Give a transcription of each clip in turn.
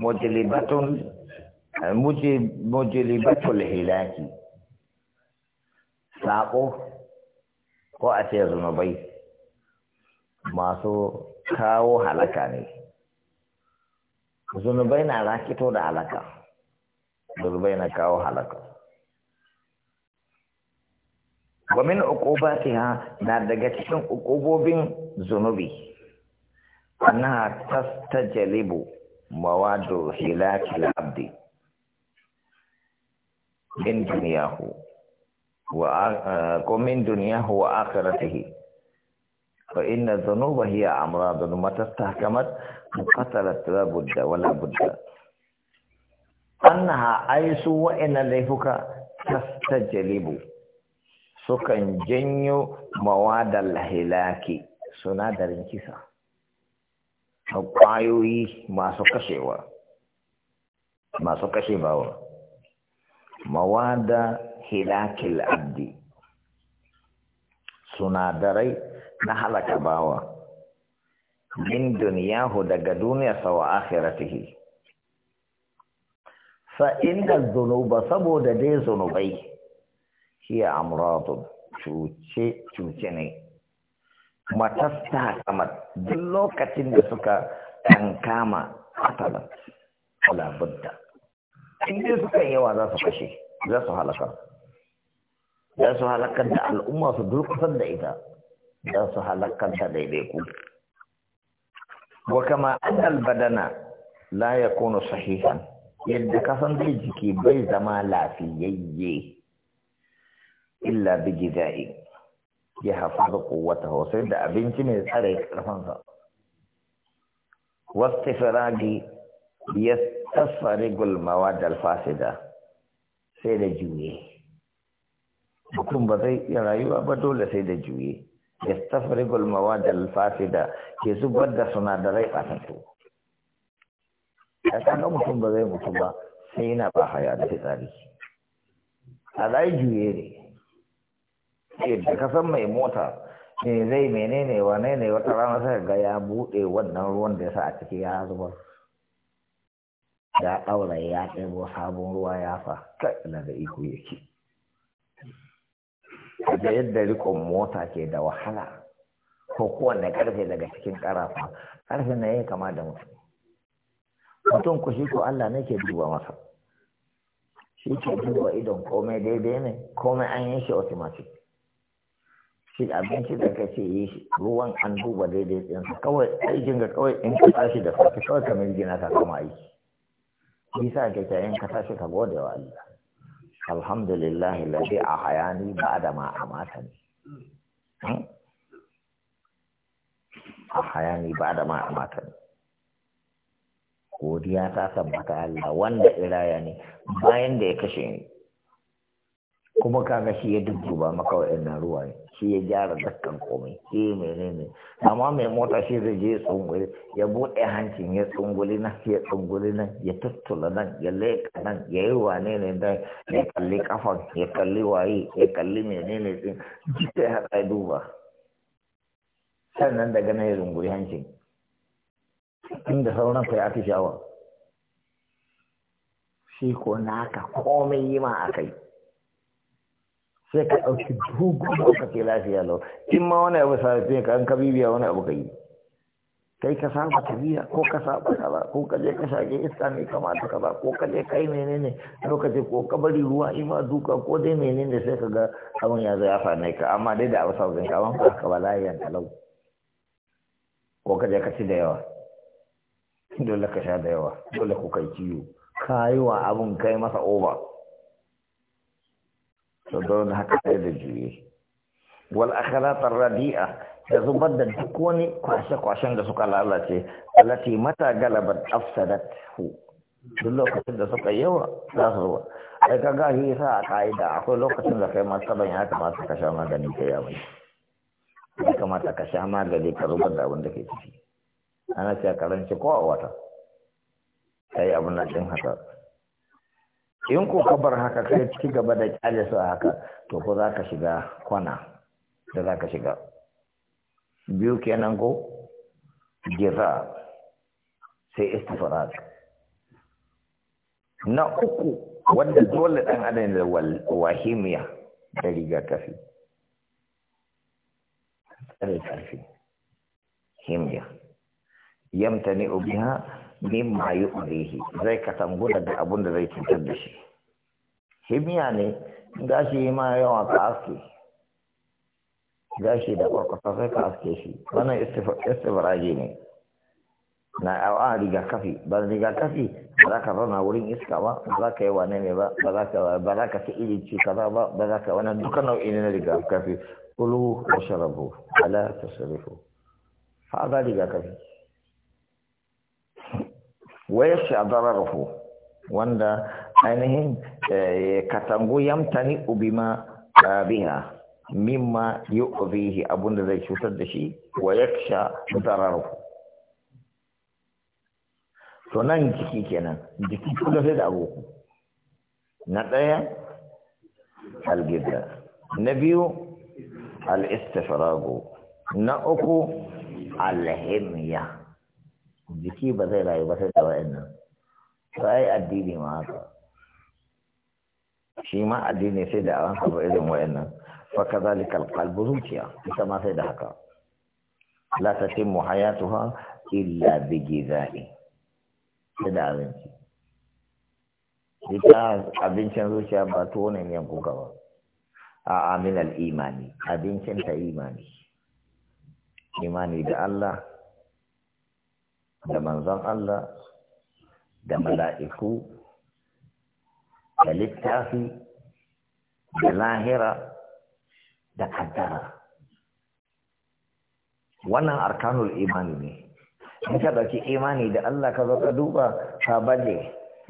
mujlibatun eh, mujlibatul hilaki sako ko a ce zunubai masu kawo halaka ne zunubai na rakito da halaka zunubai na kawo halaka wa min uqubatiha na daga cikin uqubobin zunubi ta tastajlibu mawadu hilakil abdi min duniyahu wa ko min duniyahu wa akhiratihi fa inna dhunuba hiya amradun matastahkamat qatalat la budda wala budda annaha aisu wa inna laifuka tastajlibu sukan janyo mawadal hilaki sunadarin kisa kwayoyi masu kashewa masu kashe bawa mawada hilakil abdi sunadarai na halaka bawa min duniyahu daga duniyarsa sawa akhiratihi fa inda zunuba saboda dai zunubai hiya amradun cuce cuce ne matasta kamar duk lokacin da suka ɗan kama katalar inda suka yawa za su kashe za su halakar za su halakar da al'umma su durkusan da ita za su halakar da daidai ku kama an albadana la sahihan yadda kasan zai jiki bai zama lafiyayye illa bi gida'i ya da kowata sai da abinci mai tsare karfansa wastifiragi ya tasfari gulmawa da alfasida sai da juye mutum ba zai iya rayuwa ba dole sai da juye ya tasfari gulmawa da alfasida ke zubar da sunadarai ɓatattu a kano mutum ba zai mutu ba sai yana ba haya da fitsari a zai juye ne yadda eh, ka san mai mota ne zai menene wane ne wata rana sai ga ya buɗe wannan ruwan da ya sa a ciki ya zuba ya ɗaura ya ɗebo sabon ruwa ya fa kai da iko yake da yadda rikon mota ke da wahala ko kowanne karfe daga cikin karafa karfe na yin kama da mutum mutum ku shi ko Allah ne ke duba masa shi ke duba idon komai daidai ne komai an yi shi automatic shi abinci da ka ce yi ruwan an duba daidai sa kawai aikin ga kawai in ka tashi da safe kawai ka mai gina ka kama aiki bisa ka ce in ka tashi ka gode wa Allah alhamdulillah ladai a hayani ba da ma a mata ne hmm? a hayani ba da ma a mata ne godiya ta tabbata Allah wanda iraya ne bayan da ya kashe ni kuma kaga shi ya dubu ba dudduba na ruwa ne. shi ya gyara dakkan komai shi ya menene amma mai mota shi zai je tsunguli ya buɗe hancin ya tsunguli nan ya tsunguli nan ya tattula nan ya leƙa nan ya yi wane ne da ya kalli kafan ya kalli waye ya kalli menene din sai haɗa ya duba sannan daga nan ya zunguri hancin inda sauran kai atishawa shi ko naka komai yi ma a kai sai ka ɗauki dogon lokaci lafiya lau in ma wani abu sarrafe ka an ka bibiya wani abu ka yi kai ka saba tafiya ko ka saba ba ko ka je ka shage iska mai kamata ba ko ka je kai menene lokaci ko ka bari ruwa ma duka ko dai menene sai ka ga abin ya zo ya same ka amma dai da abu sabbin ka amma ka ba lafiyan lau ko ka je ka ci da yawa dole ka sha da yawa dole ko kai ciwo yi wa abun kai masa over to don haka sai da juye wal akhiratar radi'a da zubar da duk wani kwashe-kwashen da suka lalace alati mata galabar afsadat hu duk lokacin da suka yawa za su zuwa ai ka shi sa a ka'ida akwai lokacin da kai matsalan ya kamata ka sha magani ka ya mai ya kamata ka sha magani ka zubar da abin da ke ciki ana ce a karanci ko a wata ai abin nan din haka in ko ka bar haka kai ci gaba da kyale su haka to ko za ka shiga kwana da za ka shiga biyu kenan ko jira sai istifrad na uku wanda dole dan adam da wahimiya da rigakafi tsare karfi himiya Yamta ne biha mimma yuqdihi zai katangu daga abun da zai cutar da shi himiya ne gashi ma yawa ka aske gashi da kwakwasa sai ka aske shi wannan istifaraji ne na a kafi ba kafi? ba za ka zauna wurin iska ba ba za ka yi wane ne ba ba za ka ci iri ci kaza ba ba za ka wani duka nau'i ne na kafi kulu wa sharabu ala tasarifu fa riga kafi waya shi a wanda ainihin eh, katangu yamtani ubima eh, biha mimma ubihi abunda zai cutar da shi wa sha dararahu to nan jiki kenan jiki kullum sai da agogo na ɗaya algida na biyu al na uku alhimya jiki ba zai rayu ba sai da wa'annan sai addini ma haka shi ma addini sai da an saba irin wa'annan fa kadhalika alqalbu zuciya ita ma sai da haka la tatimmu hayatuha illa bi gizai sai da abinci ita abincin zuciya ba tuwo ne miyan kuka ba a aminal imani abincin ta imani imani da Allah da manzon Allah da mala'iku da littafi da lahira da kaddara wannan arkanul imani ne in ka ɗauki imani da Allah ka zo ka duba ka baje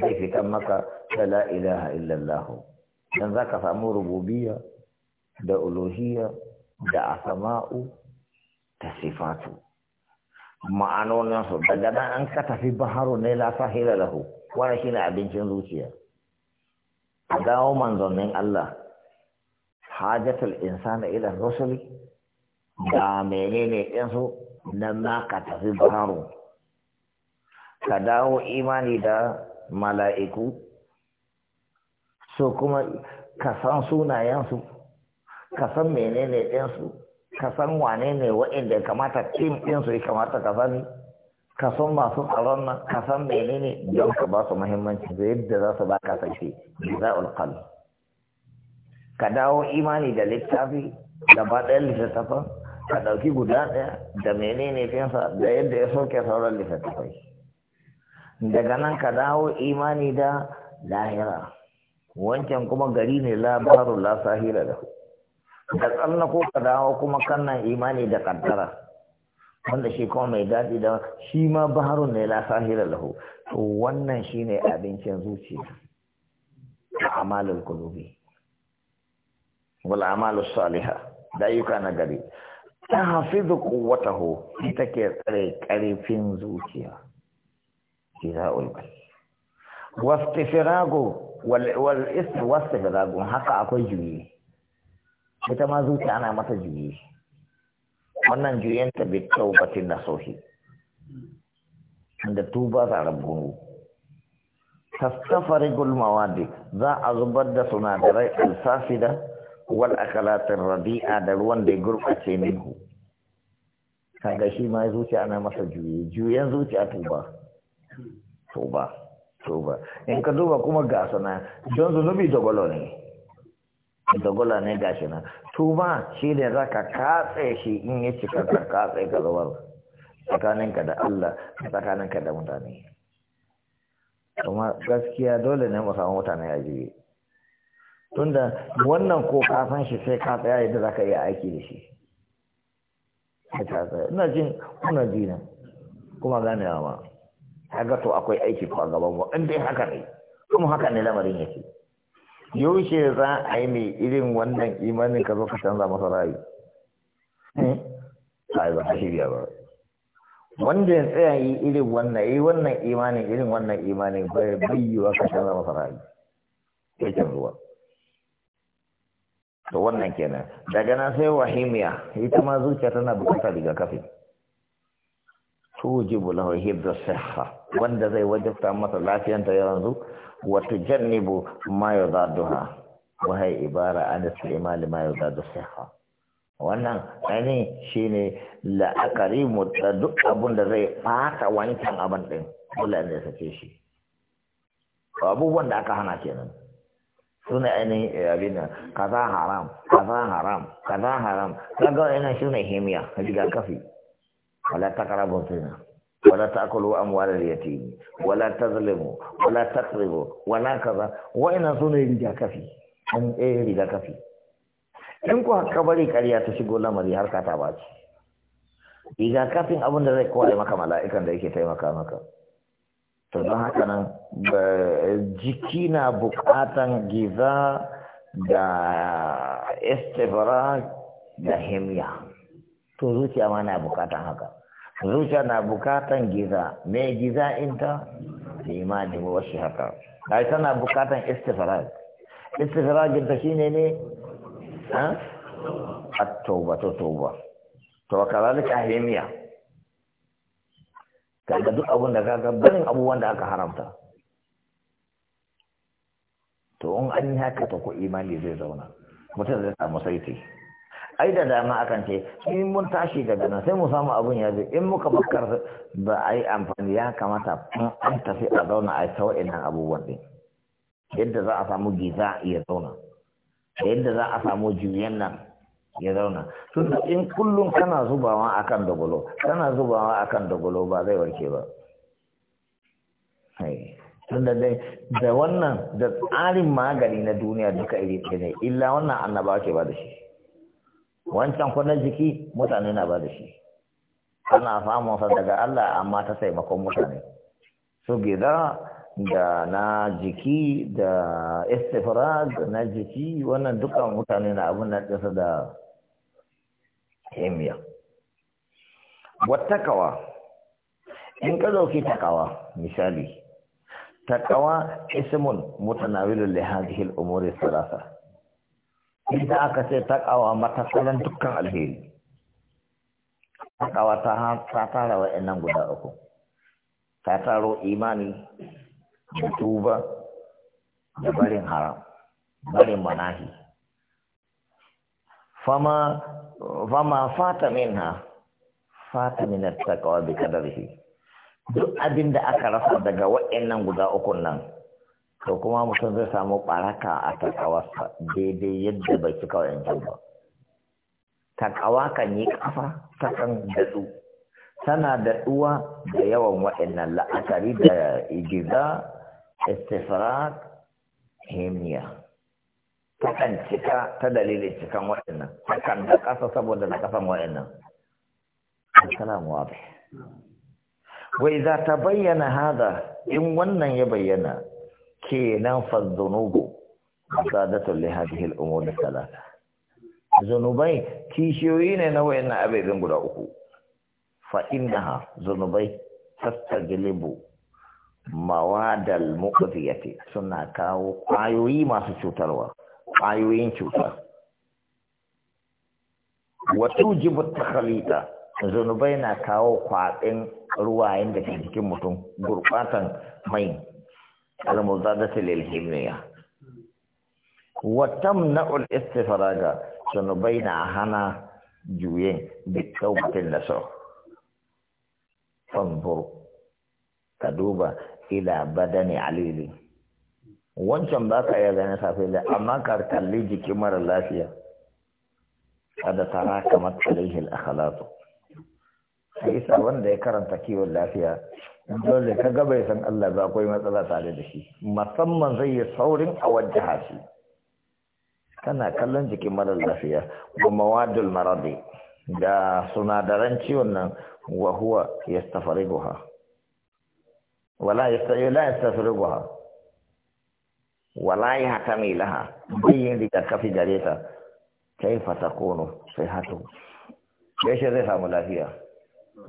zai fitan maka da la ilaha illallah dan za ka samu rububiya, da uluhiyya da asama'u da sifatu ma'anoninsu daga nan an ka tafi baharu ne la sahila lahu wani shine abincin zuciya a dawo manzannin Allah hajatul insana ila rusuli da menene ɗinsu nan na ka tafi baharu ka dawo imani da mala'iku su kuma ka san sunayensu ka san menene ɗinsu ka san wane ne ya kamata tim ɗin su ya kamata ka sani ka san masu tsaron nan ka san menene don ka ba su muhimmanci da yadda za su ba ka sarki za ulqal ka dawo imani da littafi ba ɗaya littattafan ka ɗauki guda ɗaya da menene finsa da yadda ya soke sauran littattafai daga nan ka dawo imani da lahira wancan kuma gari ne labaru la sahira da ku ka tsallako ka dawo kuma kannan imani da kaddara wanda shi kuma mai daɗi da shi ma baharun ne la sahira lahu to wannan shine abincin zuciya a amalul qulubi wal amalus saliha da ayyuka na gari ta hafizu quwwatahu ita ke tsare karfin zuciya jiza'ul bal wastifragu wal wal istifragu haka akwai juyi ita ma zuciya ana mata juyi wannan juyanta bi taubatin da sohi da tuba za a rabu tastafarigul mawadi za a zubar da sunadarai alsafida wal akalatin radi'a da ruwan da ya gurɓace minhu kaga shi ma zuciya ana masa juye juyen zuciya tuba tuba tuba in ka duba kuma gasa na don zunubi dogolo ne dagula ne gashi nan tuba shi ne za ka katse shi in ya cika ka katse ka zubar tsakaninka da Allah tsakaninka da mutane kuma gaskiya dole ne mu samu mutane a jiye tunda wannan ko kafan shi sai ka tsaya yadda za ka iya aiki da shi ina jin kuna jina kuma ganewa ma haka to akwai aiki ko a gaban mu in dai haka ne kuma haka ne lamarin yake yaushe za a yi mai irin wannan imanin ka zo ka canza masa rayu eh. ai ba ta shirya ba wanda ya tsaya yi irin wannan yi wannan imanin irin wannan imanin bai bayyuwa ka canza masa rayu ya canzuwa to wannan kenan daga nan sai wahimiya ita ma zuciya tana bukatar rigakafi tujibu lahu hibdu sihha wanda zai wajabta masa lafiyanta yanzu wa tujannibu ma yudadduha wa hay ibara an istimal ma yudaddu sihha wannan ani shine la'akari mu da duk abun da zai fata wancan abin din Allah ne sace shi abubuwan da aka hana kenan suna ainihin abin kaza haram kaza haram kaza haram kaga ina shine himiya rigakafi kafi wala taqrabu zina wala ta'kulu amwal al-yatim wala tazlimu wala taqribu wala kaza wa ina sune riga kafi an eh riga kafi in ku haka bari ƙarya ta shigo lamari har ka ta baci riga kafin abin da zai kware maka mala'ikan da yake taimaka maka to don haka nan jiki na bukatan giza da istifara da himya to zuciya ma na bukatan haka zuciya na bukatan giza me giza inta imani wa wasu haka ita na bukatan istifrag istifragin ta shi ne ha a tauba to toba to kazalika ka ga duk abun da kaga barin abubuwan da aka haramta to in an yi haka ta ko imani zai zauna mutum zai samu saiti ai da dama akan ce in mun tashi daga nan sai mu samu abun ya zo in muka bakar ba a yi amfani ya kamata an tafi a zauna a ta wa'innan abubuwan ɗin yadda za a samu giza ya zauna yadda za a samu juyen nan ya zauna tun in kullum kana zubawa akan dogolo kana zubawa akan dogolo ba zai warke ba tunda dai da wannan da tsarin magani na duniya duka iri ne illa wannan annaba ke ba da shi wancan kwanan jiki mutane na ba da shi ana famunsa daga Allah amma ta taimakon mutane su gida da na jiki da istifrad na jiki wannan dukkan mutane na abin na ƙasa da wata kawa in ka dauki takawa misali takawa ismun mutanawilul li hadhihi umuri salasa inda aka ce takawa matakalan dukkan alheri takawa ta tara wa'annan guda uku ta taro imani da tuba da barin haram barin manahi fama fata minha fata min at-taqwa bi qadarihi duk abin da aka rasa daga wa'annan guda uku nan to kuma mutum zai samu ɓaraka a takawarsa daidai yadda bai cika wa'yancan ba takawa kan yi kafa ta kan daɗu tana daɗuwa da yawan wa'annan la'akari da igiza hemiya. Ta kan cika ta dalilin cikan waɗannan kan da ƙasa saboda na ƙasan waɗannan assalamu alaikum wai za ta bayyana hada in wannan ya bayyana kenan fa zunubu masadatul li hadhihi al-umur thalatha zunubai kishiyoyi ne na wayannan ababen guda uku fa innaha zunubai mawad mawadal muqdiyati suna kawo kwayoyi masu cutarwa ayoyin cuta wa tujibu takhalita zunubai na kawo kwaɗin ruwayen da ke jikin mutum gurbatan mai المضادة للهمنية وتمنع الاستفراغ سنبين هنا جوين بالتوبة النسوح فانظر كدوبة إلى بدن عليل wancan ba ka iya ganin safe da amma ka kalli jiki mara lafiya kada tara kamar kalihil akhlaqu sai wanda ya karanta kiwon lafiya dole ka ga bai san Allah ba akwai matsala tare da shi musamman zai yi saurin a wajen hasi kana kallon jikin marar lafiya wa mawadul maradi da sunadaran ciwon nan wa huwa yastafariguha wala Yastafariguha. wala ya laha bai yin rigakafi gare ta kaifa takunu sai hatu yaushe zai samu lafiya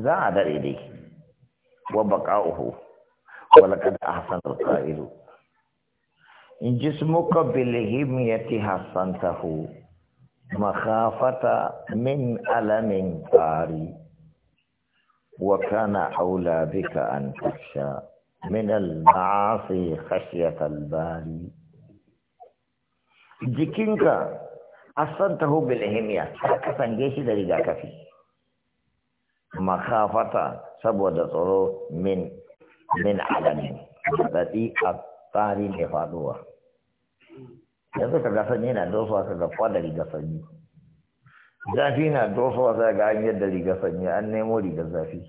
za a dare dai وبقاؤه ولقد أحسن القائل جسمك بالهمية حسنته مخافة من ألم طاري وكان أولى بك أن تخشى من المعاصي خشية الباري جكينك أحسنته بالهمية himiya ka kasance كفي makafata saboda tsoro min min adami daɗi a tsari mai faduwa yanzu ka ga sanyi na dosuwa ka ga kwada riga sanyi zafi na dosuwa za ga an yadda riga sanyi an nemo riga zafi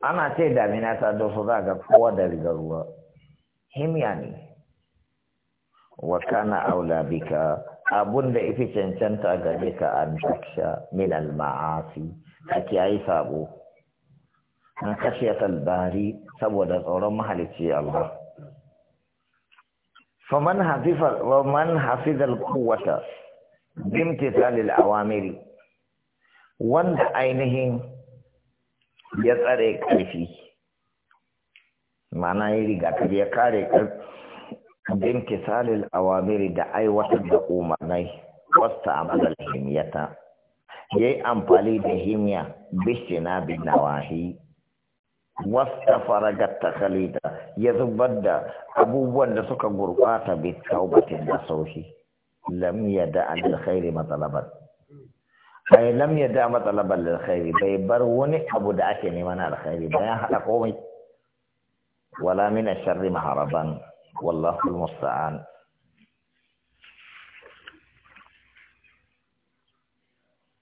ana ce damina ta dosu za ga kowa da riga ruwa himiya ne wa kana aula bika abunda da ifi cancanta gare ka an taksha min al-ma'asi ka yi sabo an kashe talbari saboda tsoron mahalicci Allah faman hafifa wa man hafiza alquwwata talil awamiri wanda ainihin ya tsare karfi mana ya rigakafi ya kare karfi salil awamiri da aiwatar da umarnai wasta amalar himyata ya yi amfani da himiya bishina bin nawahi wasta faragar takalita ya zubar da abubuwan da suka gurbata bi taubatin da sauki lam yada an alkhairi matsalabar ai lam yada matsalabar alkhairi bai bar wani abu da ake neman alkhairi bayan hada komai wala min sharri maharaban wallahu almusta'an